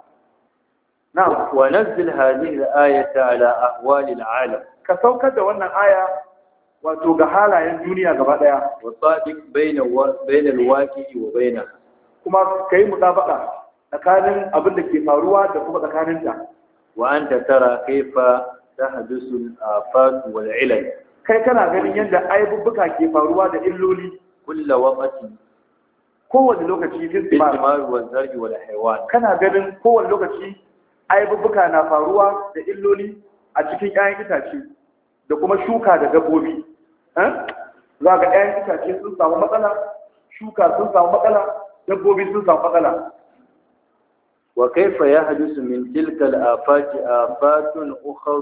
A: na'am wa nazzil hadhihi
B: al-ayata ala ahwali al-alam
A: ka saukar da wannan aya wato ga halayen duniya gaba daya
B: wa sadiq bayna bayna al-waqi'i wa bayna kuma
A: kai mutabaka tsakanin abin da ke faruwa da kuma tsakaninta
B: wa anta tara kaifa tahdusu al-afat wal 'ilal kai kana ganin yadda aibubbuka
A: ke faruwa da illoli kulla waqti kowane lokaci istimar
B: wa zargi wal haywan kana
A: ganin kowane lokaci aibubbuka na faruwa da illoli a cikin 'ya'yan itace da kuma shuka da dabbobi eh? za ga 'ya'yan itace sun samu matsala shuka sun samu matsala dabbobi sun samu
B: matsala wa kaifa yahdusu min tilka al-afati afatun ukhra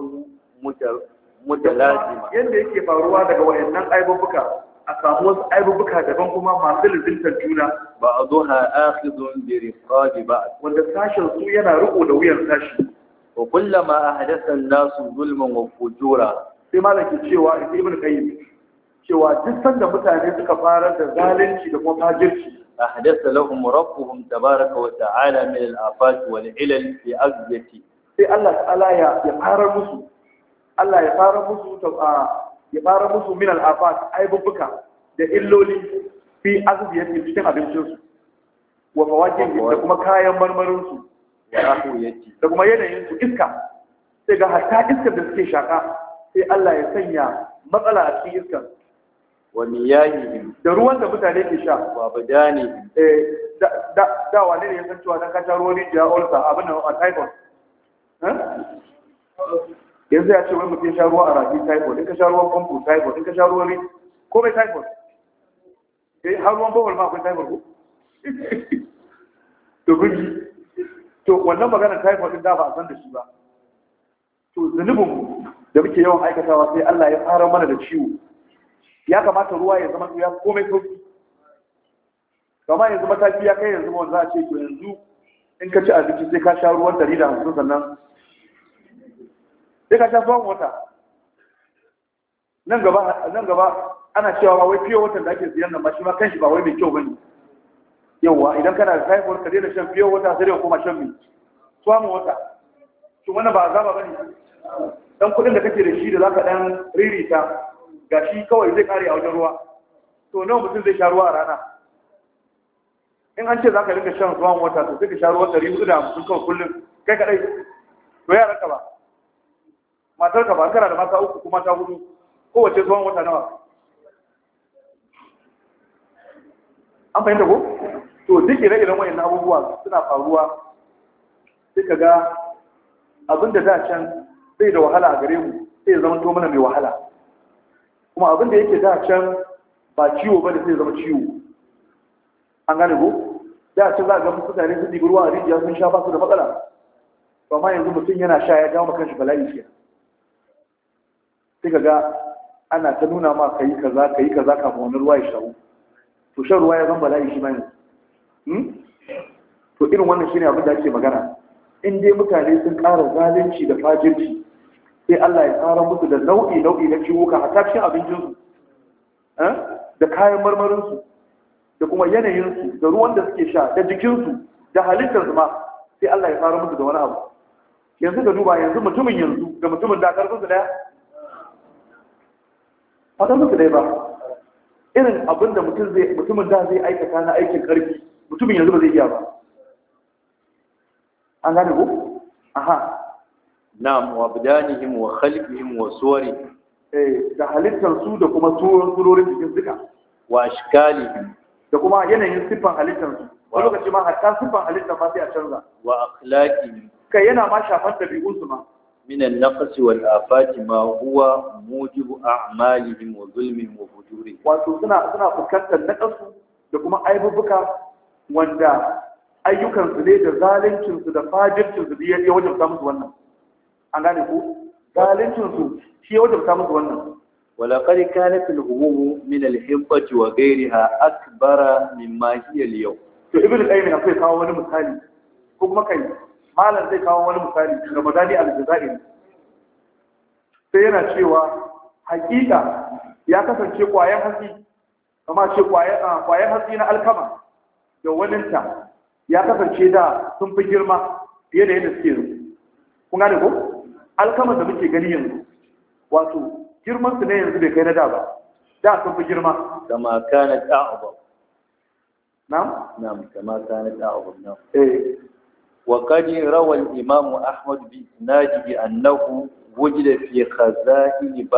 B: mutalazima
A: yanda yake faruwa daga wayannan aibubuka a samu wasu aibubuka daban kuma masu lizintar juna ba a zo ha akhidun
B: bi rifqabi ba wanda sashen su yana riko da wuyan sashi wa kullama ahdatha an-nasu zulman wa fujura sai malam ke cewa ibn qayyim cewa duk sanda mutane suka fara da zalunci da kuma fajirci أحدث لهم ربهم تبارك وتعالى من الآفات والعلل في Sai Allah الله تعالى ya
A: fara musu. Allah ya fara musu ya fara musu min al'afat aibubbuka da illoli fi azbiyati cikin abincinsu wa fawakin da kuma kayan marmarinsu da kuma yanayinsu iska sai ga hatta iskar da suke shaka sai Allah ya sanya matsala a cikin iskar wa miyahihim da ruwan da mutane ke sha wa badani eh da da wani ne ya san cewa dan ka sha ruwan ya ulsa abin nan a typhoid eh? yanzu ya ce wai mutum sha ruwa a rafi typhoid in ka sha ruwan famfo typhoid in ka sha ruwan ne ko mai typhoid eh har ruwan bawal ma akwai typhoid ko to kun to wannan maganar typhoid din da ba a san da shi ba to zunubin da muke yawan aikatawa sai Allah ya fara mana da ciwo ya kamata ruwa ya zama ya komai sauki kamar yanzu mataki ya kai yanzu wanda za a ce to yanzu in ka ci abinci sai ka sha ruwan dari da hamsin sannan sai ka sha tsawon wata nan gaba ana cewa wai fiye watan da ake siyan nan ba shi ma kanshi ba wai mai kyau bane yauwa idan kana da typhoid ka daina shan fiye wata sai da koma shan mai tsawon wata shi wani ba ba bane dan kudin da kake da shi da zaka dan ririta gashi kawai zai kare a wajen ruwa to nawa mutum zai sha ruwa a rana in an ce za ka rika shan ruwan wata to sai ka sha ruwa ɗari hudu da hamsin kawai kullum kai kaɗai to yaran raka ba matar ka ba kana da mata uku kuma ta hudu wace tsawon wata nawa an fahimta ko to duk ire-iren wayan abubuwa suna faruwa duka ga abin da da can zai da wahala a gare mu sai zama to mana mai wahala kuma abin da yake da can ba ciwo ba da sai zama ciwo an gane ko da can za a ga mutane su ɗibi ruwa a rijiya sun sha ba su da matsala ba ma yanzu mutum yana sha ya jawo kanshi bala'i kenan sai ga ana ta nuna ma ka yi kaza ka yi kaza wani ruwa ya shawo to shan ruwa ya zan bala'i shi mai hmm? to irin wannan shine abin da ake magana in dai mutane sun ƙara zalunci da fajirci sai Allah ya tsara musu da nau'i nau'i na ciwuka a cikin abincinsu eh? da kayan marmarinsu da kuma yanayinsu da ruwan da suke sha da jikinsu da su ma sai Allah ya tsara musu da wani abu yanzu ka duba yanzu mutumin yanzu ga mutumin da su daya fata musu dai ba irin abin da mutumin da zai aikata na aikin ƙarfi mutumin yanzu ba zai iya ba
B: an gane ku? aha na'am wa bidanihim wa khalqihim wa suwari
A: eh da halittar su da kuma surorin jikin suka wa shikali da kuma yanayin siffan halittar su wani lokaci ma hatta siffan halittar ma sai a canza wa akhlaqihim kai yana ma shafar dabi'un su ma
B: من النقص والآفات ما هو موجب أعمالهم وظلمهم وفجورهم wato suna suna fuskantar nakasu da kuma aibubuka wanda
A: ayyukan ne da zalincin su da fajircin su ya wajen samu wannan a gane ko
B: zalincin shi ya wajen wannan ولقد كانت الهموم من الحبة وغيرها أكبر مما هي اليوم to ibn qayyim akwai
A: kawo wani misali ko kuma malam zai kawo wani misali daga madani al-jazairi sai yana cewa hakika ya kasance kwayan hatsi kama ce kwayan ah, hatsi na alkama da waninta ya kasance da sun fi girma fiye da yadda suke yanzu kun gane ko alkama da muke gani yanzu wato girman su ne yanzu bai kai na da ba da sun fi
B: girma kama kana ta'aba na'am na'am kama kana ta'aba na'am eh وقد روى الإمام أحمد بإسناده أنه وجد في خزائن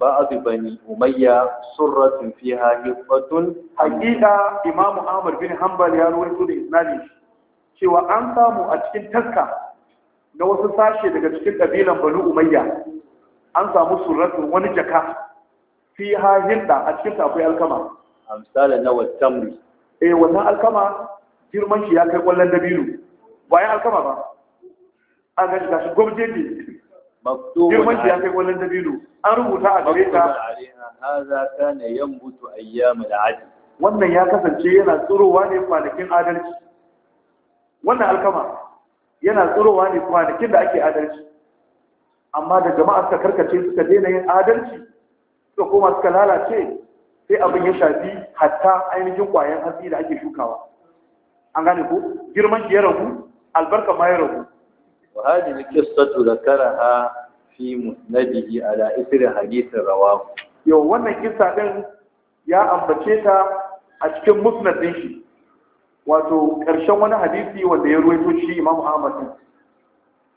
B: بعض بني أمية سرة فيها حفظة حقيقة إمام أحمد بن حنبل يروي سورة إسناده
A: cewa an samu a cikin taska na wasu sashe daga cikin ƙabilan banu umayya an samu suratu wani jaka fi ha a cikin akwai alkama
B: amsala na wattamri
A: eh wannan alkama girman shi ya kai kwallon dabino ba alkama ba an gashi gashi gwamnati ne girman shi ya kai wannan dabino an rubuta a gare ta
B: haza kana yambutu wannan ya kasance yana tsorowa ne kwanakin adalci
A: wannan alkama yana tsorowa ne kwanakin da ake adalci amma da jama'a suka karkace suka daina yin adalci suka koma suka lalace sai abin ya shafi hatta ainihin kwayan hatsi da ake shukawa an gane ko
B: girman shi ya ragu albarka ma ya rabu wa hadhihi qissatu dhakaraha fi musnadihi ala isri hadithin rawahu yau wannan kissa din
A: ya ambace ta a cikin musnad din shi wato ƙarshen wani hadisi wanda ya ruwaito shi Imam Ahmad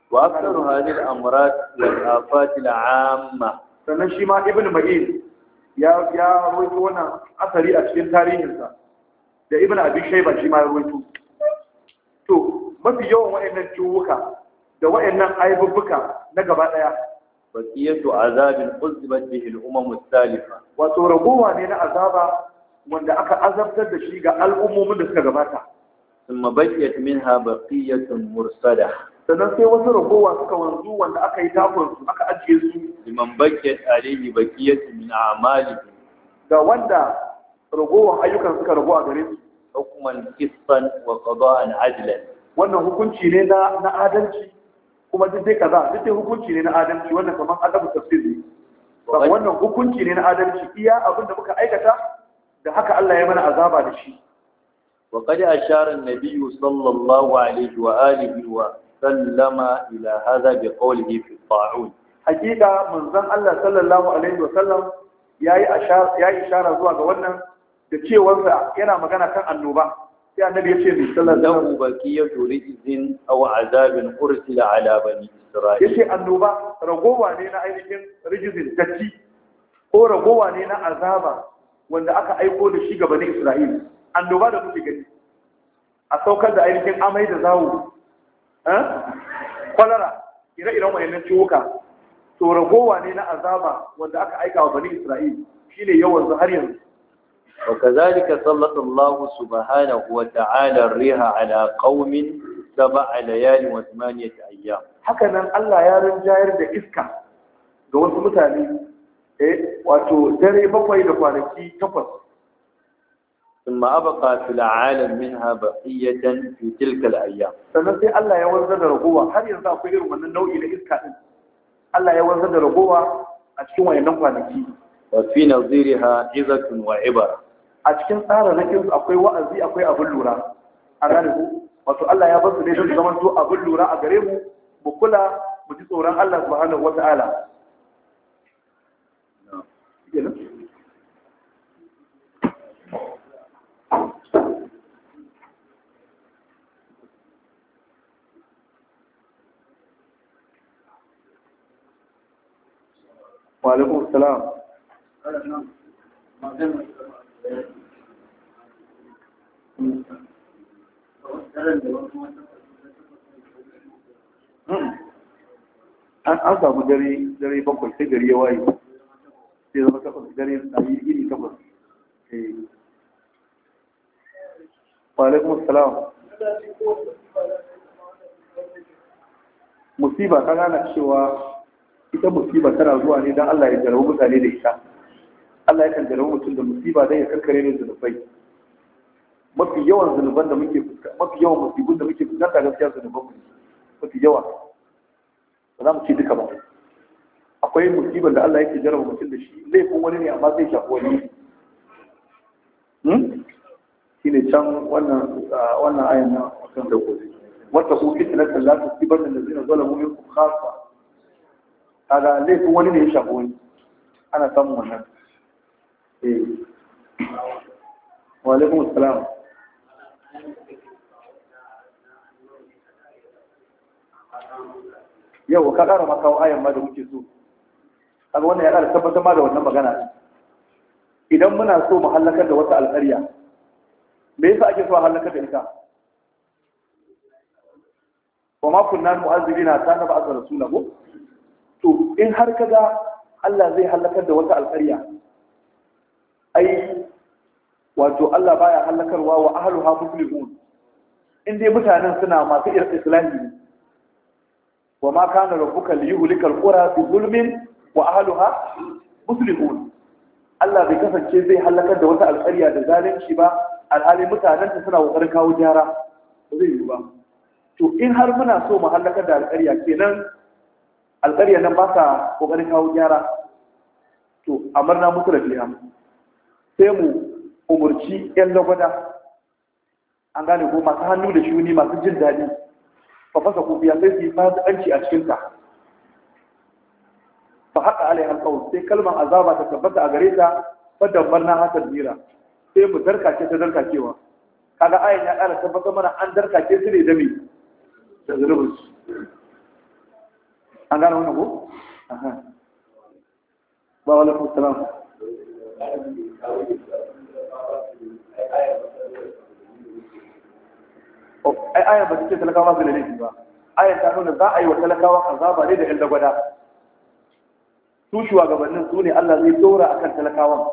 A: wa aktaru
B: hadhihi al-amrat wal
A: afat al-amma sannan shi ma Ibn Ma'in ya ya ruwaito wannan asari a cikin tarihinsa da Ibn Abi Shayba shi ma ya ruwaito mafi yawan wa'annan ciwuka da wa'annan aibubbuka na gaba daya
B: basiyatu azabin uzbat bihi al-umam al-salifa
A: wato ragowa ne na azaba wanda aka azabtar da shi ga al'ummomin da suka gabata
B: thumma baqiyat minha baqiyatun mursada sannan sai
A: wasu ragowa suka wanzu wanda aka yi takon
B: su aka ajiye su liman baqiyat alayhi baqiyatun min a'malihi Da wanda ragowa ayyukan suka rabu gare su hukuman qistan wa qada'an adlan
A: wannan hukunci ne na adalci kuma duk dai kaza duk dai hukunci ne na adalci wannan kamar adabu tafsir ne wannan hukunci ne na adalci iya abin da muka aikata
B: da haka Allah ya mana azaba da shi wa qad ashara an-nabiy sallallahu alaihi wa alihi wa sallama ila hadha bi qawlihi fi ta'un
A: hakika manzon Allah sallallahu alaihi wa sallam yayi ashara yayi ishara zuwa ga wannan da cewarsa yana magana kan annoba sai annabi ya ce mai
B: sallallahu alaihi wasallam baqiyatu rizqin aw azabin ursila ala bani isra'il yace annoba
A: ragowa ne na ainihin rijizin datti ko ragowa ne na azaba wanda aka aiko da shi ga bani isra'il annoba da kuke gani a saukar da ainihin amai da zawo eh? kwalara ire-iren wayannan ciwuka to ragowa ne na azaba wanda aka aika wa bani isra'il shine yawan har yanzu
B: وكذلك سلط الله سبحانه وتعالى الريح على قوم سبع ليال وثمانية أيام
A: هكذا الله يارن جاير ده إسكا دون سمتاني إيه واتو دري بقوي لقوانكي تفص
B: ثم أبقى في العالم منها بقية في تلك الأيام
A: سنسي الله يوزن رقوة هل يرضى خير من النوع إلى إسكا
B: الله يوزن رقوة أشكوا ينقوانكي وفي نظيرها عزة وعبرة
A: a cikin tsara su akwai wa'azi akwai abin lura a ranar wato Allah ya basu ne su zama abin lura a gare mu mu kula mu ji tsoron Allah subhanahu wa
B: وعليكم Hmm.
A: an samu dare bakwai sai gari ya waye sai zama takwas dare na yi iri takwas eh. walaikun salam musiba ta gana cewa ita musiba tana zuwa ne don allah ya jarabu mutane da ita Allah ya kanjara mutum da musiba dan ya kankare ne zunubai mafi yawan zunuban da muke fuska mafi yawan musibun da muke fuska, ta gaskiya zunuban mu mafi yawa ba za mu ci duka ba akwai musibar da Allah yake jarraba mutum da shi laifin wani ne amma zai shafi wani hmm? shine can wannan ah, ayan na akan da gobe wata ku fitna kan la tusibar da zina zala mu minkum khassa kaga laifin wani ne ya shafi wani ana samun wannan Eh. yau ka ƙara makawa ayan ma da muke so kaga wannan ya ƙara tabbatar ma da wannan magana idan muna so mu halakar da wata alƙarya me yasa ake so a halakar da ita wa ma kunna mu'azzibina ta na ba'a rasulahu to in har kaga Allah zai halakar da wata alƙarya ai wato Allah baya halakarwa wa ahluha muslimun in dai mutanen suna masu islami ne wa ma kana rabbuka liyuhlika alqura bi zulmin wa ahluha muslimun Allah bai kasance zai halakar da wata alƙarya da zalunci ba alhali mutanen ta suna kokarin kawo gyara ba zai yi ba to in har muna so mu halakar da alƙarya kenan alƙarya nan ba sa kokarin kawo gyara to amarna musu da biya sai mu umurci yan lagwada an gane ko masu hannu da shuni masu jin daɗi fa fasa biya sai su yi fasikanci a cikinta fa haɗa alaiha alƙawar sai kalmar azaba ta tabbata a gare ta fadda barna hasar jira sai mu zarkace ta zarkacewa kaga ayan ya ƙara tabbata mana an zarkace su ne da da zunubin an gane wannan ko
B: ba ko salam
A: ai aya ba ce talakawa su da ba aya ta nuna za a yi wa talakawa azaba ne da yan dagwada su shugabannin su ne Allah zai a akan talakawan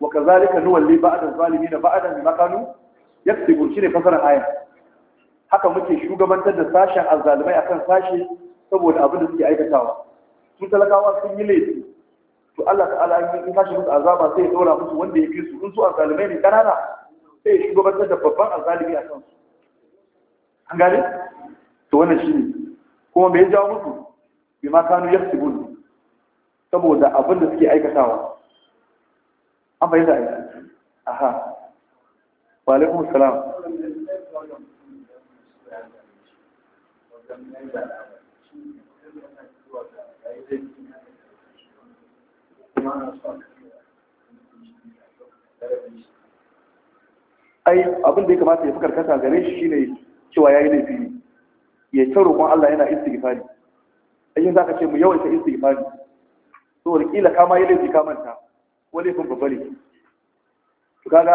A: wa kazalika nuwalli ba'dan zalimin ba'dan bima kanu gurshi shine fasarar aya haka muke shugabantar da sashen azzalimai akan sashe saboda abin da suke aikatawa su talakawa sun yi laifi to Allah ta'ala in ka shi musu azaba sai ya dora musu wanda ya fi su in su azalimai ne kanana sai ya shugabantar da babban azalimi a kansu an gane to wannan shi kuma me ya jawo musu bi ma kanu yaksubun saboda abin da suke aikatawa an fahimta ai aha wa alaikum salam Thank you. ai abin da ya kamata ya fi karkata gare shi shine cewa ya yi laifi ya ta roƙon Allah yana istighfari ayin ka ce mu yawaita istighfari to kila kama yi laifi ka manta ko laifin babba ne to kaga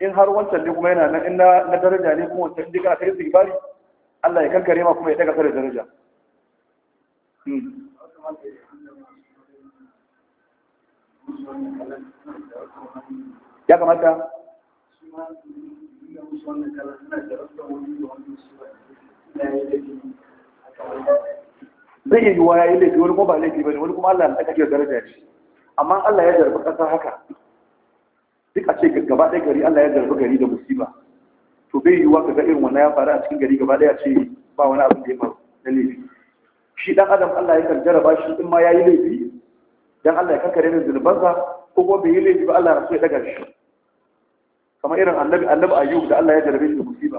A: in har wancan ne kuma yana nan in na daraja ne kuma wancan dika ta istighfari Allah ya kankare ma kuma ya daga kare daraja hmm. ya kamata zai yi yiwuwa ya yi laifi wani kuma ba laifi ba ne wani kuma Allah na kiyar daraja shi amma Allah ya zarbi ƙasa haka duk a ce gaba ɗaya gari Allah ya zarbi gari da musiba to bai yiwuwa ka ga irin wannan ya faru a cikin gari gaba ɗaya ce ba wani abu da ya faru na laifi shi ɗan adam Allah ya kan jarraba shi in ma ya yi laifi dan Allah ya kankare min zunubansa ko kuma bai yi laifi ba Allah ya so ya daga shi kamar irin annabi annabi ayyub da Allah ya jarabe shi da musiba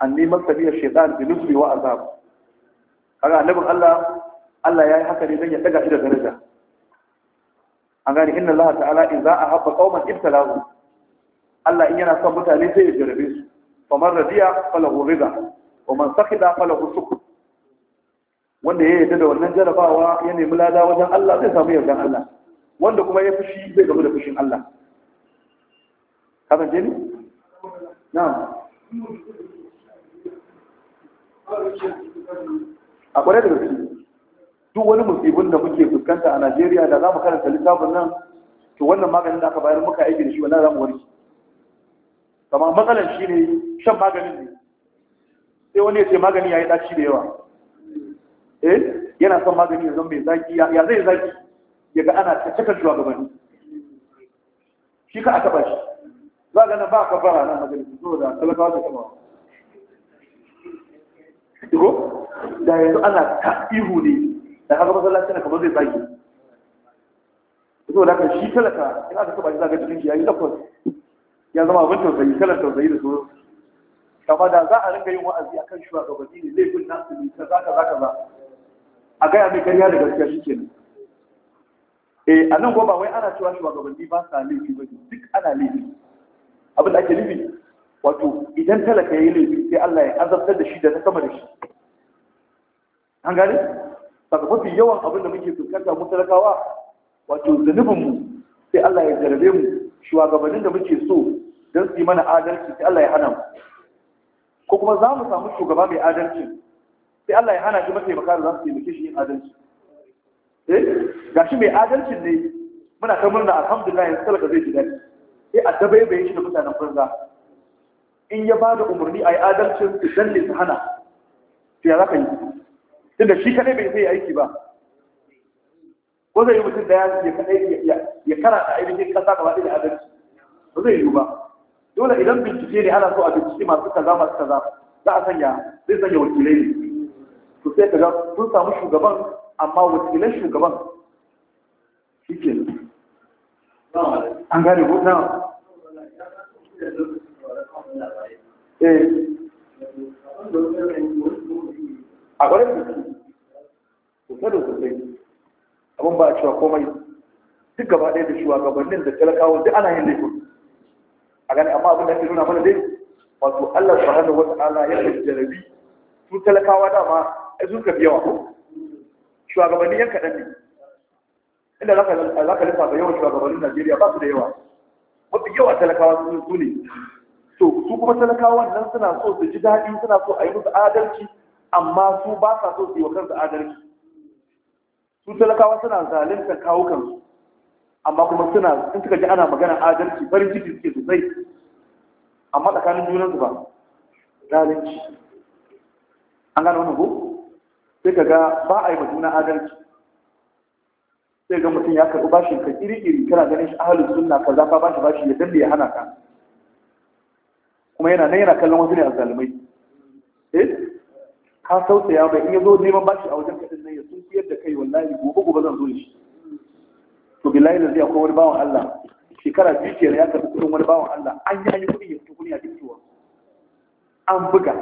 A: anni masabiya shaytan bi nusbi wa azab kaga annabin Allah Allah ya yi haka ne dan ya daga shi da daraja an gani inna Allah ta'ala in za a ahabba qauman ibtalahu Allah in yana son mutane sai ya jarabe su faman radiya falahu rida wa man sakhida falahu sukr wanda ya yarda da wannan jarabawa ya nemi lada wajen Allah zai samu yardan Allah wanda kuma ya fushi zai gamu da fushin Allah ka fahimce ni Na. a kwarai da gaske duk wani musibin da muke fuskanta a Najeriya da za mu karanta littafin nan to wannan maganin da aka bayar muka aiki da shi wannan za mu warke kama matsalar shi ne shan maganin ne sai wani ya ce magani ya yi ɗaci da yawa Eh? yana son magani ya zama mai zaki ya zai zaki ya ga ana cakar shugabanni shi ka aka bashi za ga nan ba ka fara nan majalisa saboda talakawa da kama ko Da yanzu ana ta ihu ne da haka masallacin na kama zai zaki. Iko da kan shi talaka in aka taba shi zaga cikin shi yi takwas. Ya zama abin tausayi, kalan tausayi da tsoro. Kama da za a ringa yin wa'azi akan shugabanni ne laifin nasu ne za ka za a gaya mai karya da gaskiya shi ke eh a nan ba wai ana cewa shugabanni ba sa laifi ba duk ana laifi abin da ake laifi wato idan talaka ya yi laifi sai Allah ya azabtar da shi da ta sama da shi an gane mafi yawan abin da muke fuskanta mu talakawa wato zunubinmu sai Allah ya jarabe mu shugabannin da muke so don su yi mana adalci sai Allah ya hana mu ko kuma za mu samu shugaba mai adalci sai Allah ya hana shi maka da za su taimake shi yin adalci eh gashi mai adalcin ne muna ta murna alhamdulillah yanzu talaka zai ji daɗi sai a dabaibaye shi da mutanen banza in ya bada umarni a yi adalcin su dalle su hana to ya za ka yi tunda shi kadai bai sai aiki ba ko zai yi mutum da ya kadai ya karanta ainihin kasa gaba ɗaya da adalci ba zai yi ba dole idan bincike ne ana so a bincike masu kaza masu kaza za a sanya zai sanya wakilai ne to sai sun samu shugaban amma wakilan shugaban shi ke an gane ko na eh. a ƙwarar da su kusa da sosai abin ba a cewa komai duk gaba ɗaya da shugabannin da talakawa duk ana yin laifin a gani amma abin da ke nuna mana dai wato Allah hannu wata ala ya jarabi su talakawa dama ai su suka fi yawa ko shugabanni yan kaɗan ne inda za ka lissafa yawan shugabannin najeriya ba su da yawa mafi yawa talakawa su su ne to su kuma talakawa nan suna so su ji daɗi suna so a yi musu adalci amma su ba sa so su yi wa kansu adalci su talakawa suna zalunta kawo kansu amma kuma suna in suka ji ana magana adalci farin ciki suke sosai amma tsakanin junansu ba zalunci an gane wannan ko sai ka ga ba a yi ba juna adalci sai ga mutum ya karɓi bashin ka iri-iri kana ganin shi ahalin sunna ka zafa bashi bashi ya dalle ya hana ka kuma yana nan yana kallon wasu ne a zalimai eh ka ya bai in ya zo neman bashi a wajen kaɗin nan ya sun fiyar da kai wallahi gobe gobe zan zo shi to billahi da zai akwai wani bawan Allah shekara biyu kenan ya karɓi kuɗin wani bawan Allah an yi an kuɗi ya fito kuɗi a dinkiwa an buga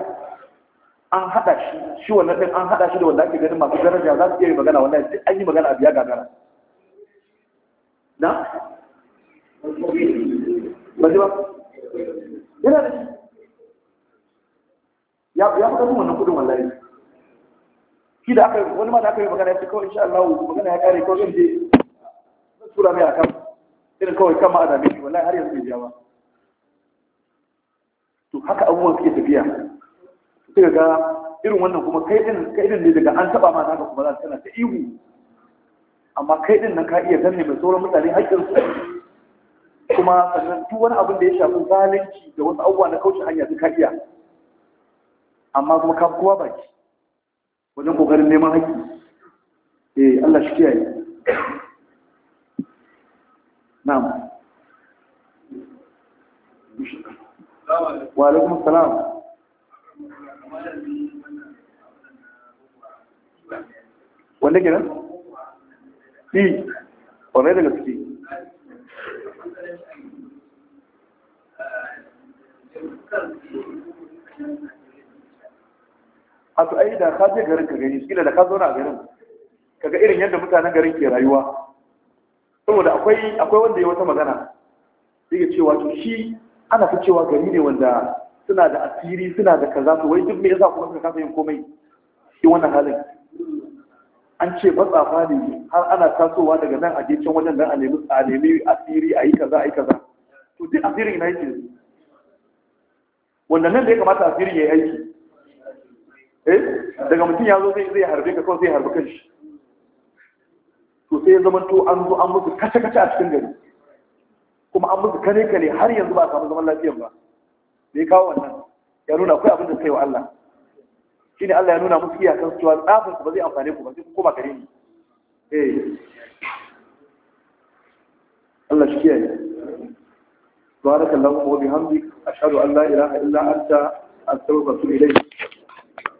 A: an haɗa shi shi wannan ɗin an haɗa shi da wanda ake ganin masu daraja za su iya yi magana wannan yanzu an yi magana a biya gagara na? ba ba yana da shi ya fi ƙarfin wannan kudin wallahi shi da aka wani ma da aka yi magana ya ce kawai insha Allah magana ya kare kawai je zan tura mai akan irin kawai kan ma a wallahi har yanzu bai biya ba to haka abubuwan suke tafiya sai ga irin wannan kuma kaidin ne daga an taba ma naka kuma za tana ta ihu amma kaidin din nan ka iya zanne mai sauran mutane haƙƙin su kuma sannan duk wani abin da ya shafi zalunci da wasu abubuwa na kauce hanya su ka iya amma kuma ka kowa baki wajen ƙoƙarin neman haƙƙi eh Allah shi kiyaye na'am wa alaikum salam wanda kenan
B: yi e, ƙwarai da gaske
A: a su ai da ka je garin ka gani shi da ka na garin kaga irin yadda mutanen garin ke rayuwa saboda akwai akwai wanda ya wata magana yake cewa to shi ana fi cewa gari ne wanda suna da asiri suna da kaza to wai duk me yasa kuma suka kasa yin komai shi wannan halin an ce matsafa ne har ana tasowa daga nan a gecen wajen nan a nemi a nemi asiri a yi kaza a yi kaza to duk asirin na yake wanda nan da ya kamata asirin ya yi aiki eh daga mutum ya zo zai harbe ka kawai zai harbe kan shi to sai ya zama to an zo an musu kace kace a cikin gari kuma an musu kare kare har yanzu ba a samu zaman lafiya ba Me kawo wannan ya nuna akwai abin da sai yi wa Allah shine Allah ya nuna musu iyakan cewa tsafin su ba zai amfane ku ba sai ku koma gare ni eh Allah shi kiyaye barakallahu wa bihamdik ashhadu an la ilaha illa anta astaghfiruka wa atubu ilayk